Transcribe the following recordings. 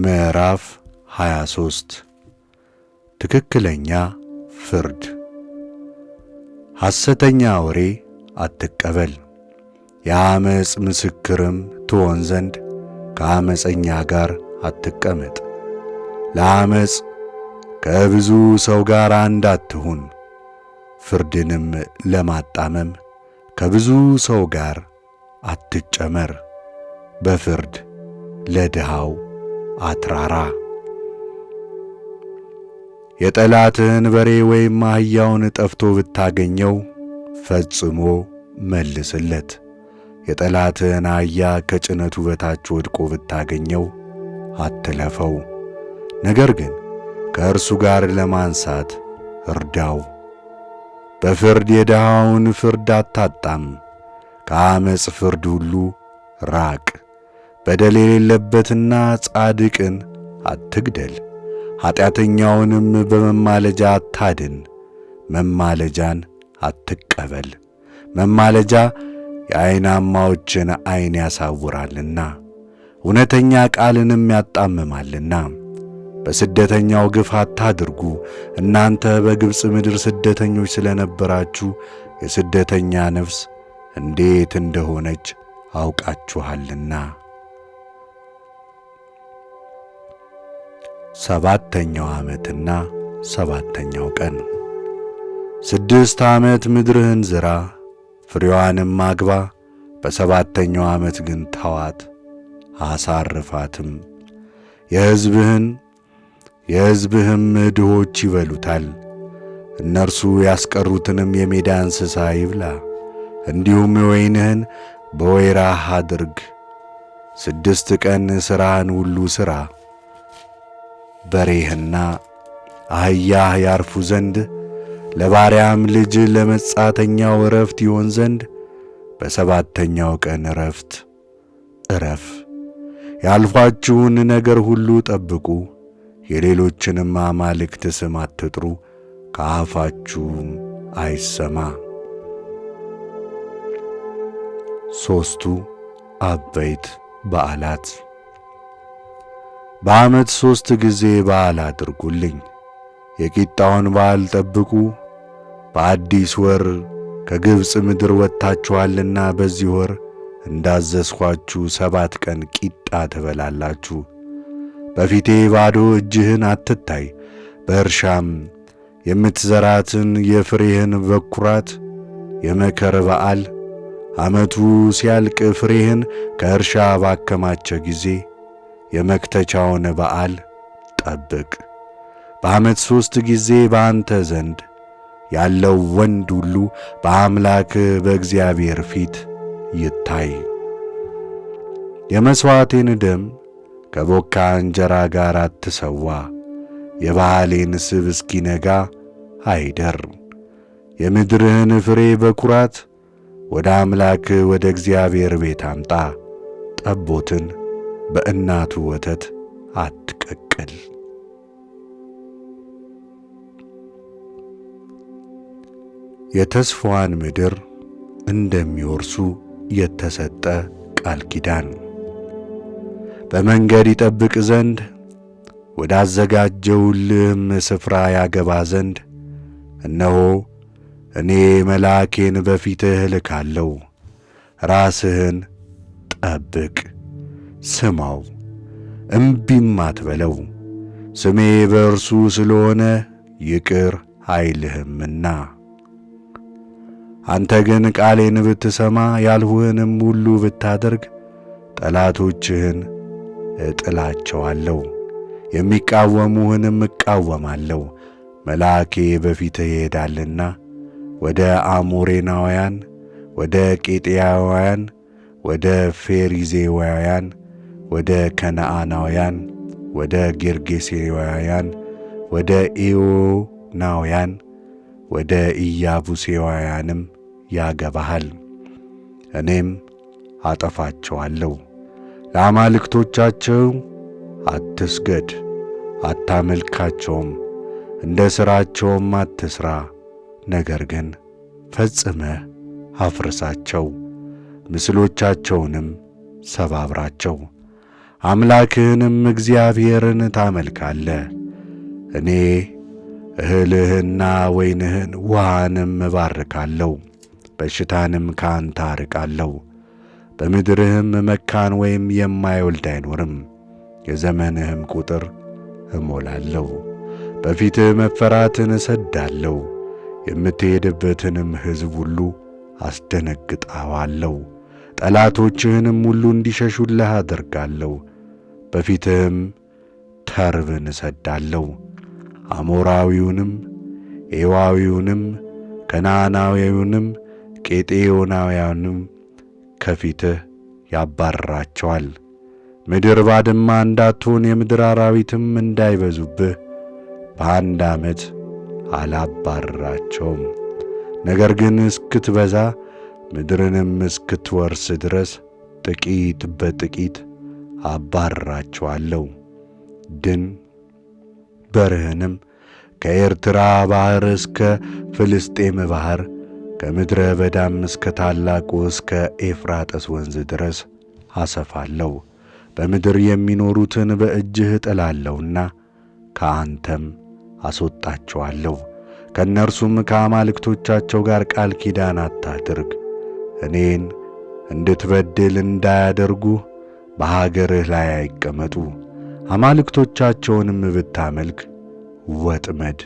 ምዕራፍ 23 ትክክለኛ ፍርድ። ሐሰተኛ ወሬ አትቀበል፣ የአመፅ ምስክርም ትሆን ዘንድ ከአመፀኛ ጋር አትቀመጥ። ለአመፅ ከብዙ ሰው ጋር አንድ አትሁን፣ ፍርድንም ለማጣመም ከብዙ ሰው ጋር አትጨመር። በፍርድ ለድሃው አትራራ። የጠላትህን በሬ ወይም አህያውን ጠፍቶ ብታገኘው ፈጽሞ መልስለት። የጠላትህን አህያ ከጭነቱ በታች ወድቆ ብታገኘው አትለፈው፣ ነገር ግን ከእርሱ ጋር ለማንሳት እርዳው። በፍርድ የድሃውን ፍርድ አታጣም፣ ከአመፅ ፍርድ ሁሉ ራቅ። በደል የሌለበትና ጻድቅን አትግደል፣ ኀጢአተኛውንም በመማለጃ አታድን፣ መማለጃን አትቀበል። መማለጃ የዐይናማዎችን ዐይን ያሳውራልና እውነተኛ ቃልንም ያጣምማልና። በስደተኛው ግፍ አታድርጉ፣ እናንተ በግብፅ ምድር ስደተኞች ስለ ነበራችሁ የስደተኛ ነፍስ እንዴት እንደሆነች አውቃችኋልና። ሰባተኛው ዓመትና ሰባተኛው ቀን ስድስት ዓመት ምድርህን ዝራ፣ ፍሬዋንም አግባ። በሰባተኛው ዓመት ግን ተዋት አሳርፋትም። የሕዝብህን የሕዝብህም ድሆች ይበሉታል፣ እነርሱ ያስቀሩትንም የሜዳ እንስሳ ይብላ። እንዲሁም የወይንህን በወይራህ አድርግ። ስድስት ቀን ሥራህን ሁሉ ሥራ በሬህና አህያህ ያርፉ ዘንድ ለባሪያም ልጅ ለመጻተኛው እረፍት ይሆን ዘንድ በሰባተኛው ቀን እረፍት እረፍ። ያልፏችሁን ነገር ሁሉ ጠብቁ። የሌሎችንም አማልክት ስም አትጥሩ፣ ከአፋችሁም አይሰማ። ሦስቱ አበይት በዓላት በዓመት ሦስት ጊዜ በዓል አድርጉልኝ። የቂጣውን በዓል ጠብቁ። በአዲስ ወር ከግብፅ ምድር ወጥታችኋልና በዚህ ወር እንዳዘዝኋችሁ ሰባት ቀን ቂጣ ትበላላችሁ። በፊቴ ባዶ እጅህን አትታይ። በእርሻም የምትዘራትን የፍሬህን በኩራት የመከር በዓል ዓመቱ ሲያልቅ ፍሬህን ከእርሻ ባከማቸ ጊዜ የመክተቻውን በዓል ጠብቅ። በዓመት ሦስት ጊዜ በአንተ ዘንድ ያለው ወንድ ሁሉ በአምላክ በእግዚአብሔር ፊት ይታይ። የመሥዋዕቴን ደም ከቦካ እንጀራ ጋር አትሰዋ። የበዓሌን ስብ እስኪነጋ አይደር። የምድርህን ፍሬ በኩራት ወደ አምላክ ወደ እግዚአብሔር ቤት አምጣ። ጠቦትን በእናቱ ወተት አትቀቅል። የተስፋዋን ምድር እንደሚወርሱ የተሰጠ ቃል ኪዳን በመንገድ ይጠብቅ ዘንድ ወዳዘጋጀውልህም ስፍራ ያገባ ዘንድ እነሆ እኔ መልአኬን በፊትህ እልካለሁ። ራስህን ጠብቅ። ስማው፣ እምቢም አትበለው። ስሜ በእርሱ ስለሆነ ይቅር አይልህምና። አንተ ግን ቃሌን ብትሰማ ያልሁህንም ሁሉ ብታደርግ ጠላቶችህን እጥላቸዋለሁ፣ የሚቃወሙህንም እቃወማለሁ። መልአኬ በፊትህ ይሄዳልና ወደ አሞሬናውያን፣ ወደ ቄጤያውያን፣ ወደ ፌሪዜዋውያን ወደ ከነዓናውያን፣ ወደ ጌርጌሴዋውያን፣ ወደ ኤዎናውያን፣ ወደ ኢያቡሴዋውያንም ያገባሃል። እኔም አጠፋቸዋለሁ። ለአማልክቶቻቸው አትስገድ፣ አታመልካቸውም፣ እንደ ሥራቸውም አትሥራ። ነገር ግን ፈጽመህ አፍርሳቸው፣ ምስሎቻቸውንም ሰባብራቸው። አምላክህንም እግዚአብሔርን ታመልካለ። እኔ እህልህና ወይንህን ውሃንም እባርካለሁ፣ በሽታንም ካንተ አርቃለሁ። በምድርህም መካን ወይም የማይወልድ አይኖርም። የዘመንህም ቁጥር እሞላለሁ። በፊትህ መፈራትን እሰዳለሁ፣ የምትሄድበትንም ሕዝብ ሁሉ አስደነግጣዋለሁ። ጠላቶችህንም ሁሉ እንዲሸሹልህ አደርጋለሁ። በፊትህም ተርብን እሰዳለሁ፣ አሞራዊውንም፣ ኤዋዊውንም፣ ከነዓናዊውንም፣ ቄጤዮናውያንም ከፊትህ ያባርራቸዋል። ምድር ባድማ እንዳትሆን የምድር አራዊትም እንዳይበዙብህ በአንድ ዓመት አላባርራቸውም። ነገር ግን እስክትበዛ ምድርንም እስክትወርስ ድረስ ጥቂት በጥቂት አባርራችኋለሁ። ድን በርህንም ከኤርትራ ባሕር እስከ ፍልስጤም ባሕር ከምድረ በዳም እስከ ታላቁ እስከ ኤፍራጠስ ወንዝ ድረስ አሰፋለሁ። በምድር የሚኖሩትን በእጅህ እጥላለሁና ከአንተም አስወጣቸዋለሁ። ከእነርሱም ከአማልክቶቻቸው ጋር ቃል ኪዳን አታድርግ። እኔን እንድትበድል እንዳያደርጉ በሀገርህ ላይ አይቀመጡ። አማልክቶቻቸውንም ብታመልክ ወጥመድ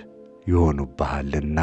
ይሆኑብሃልና።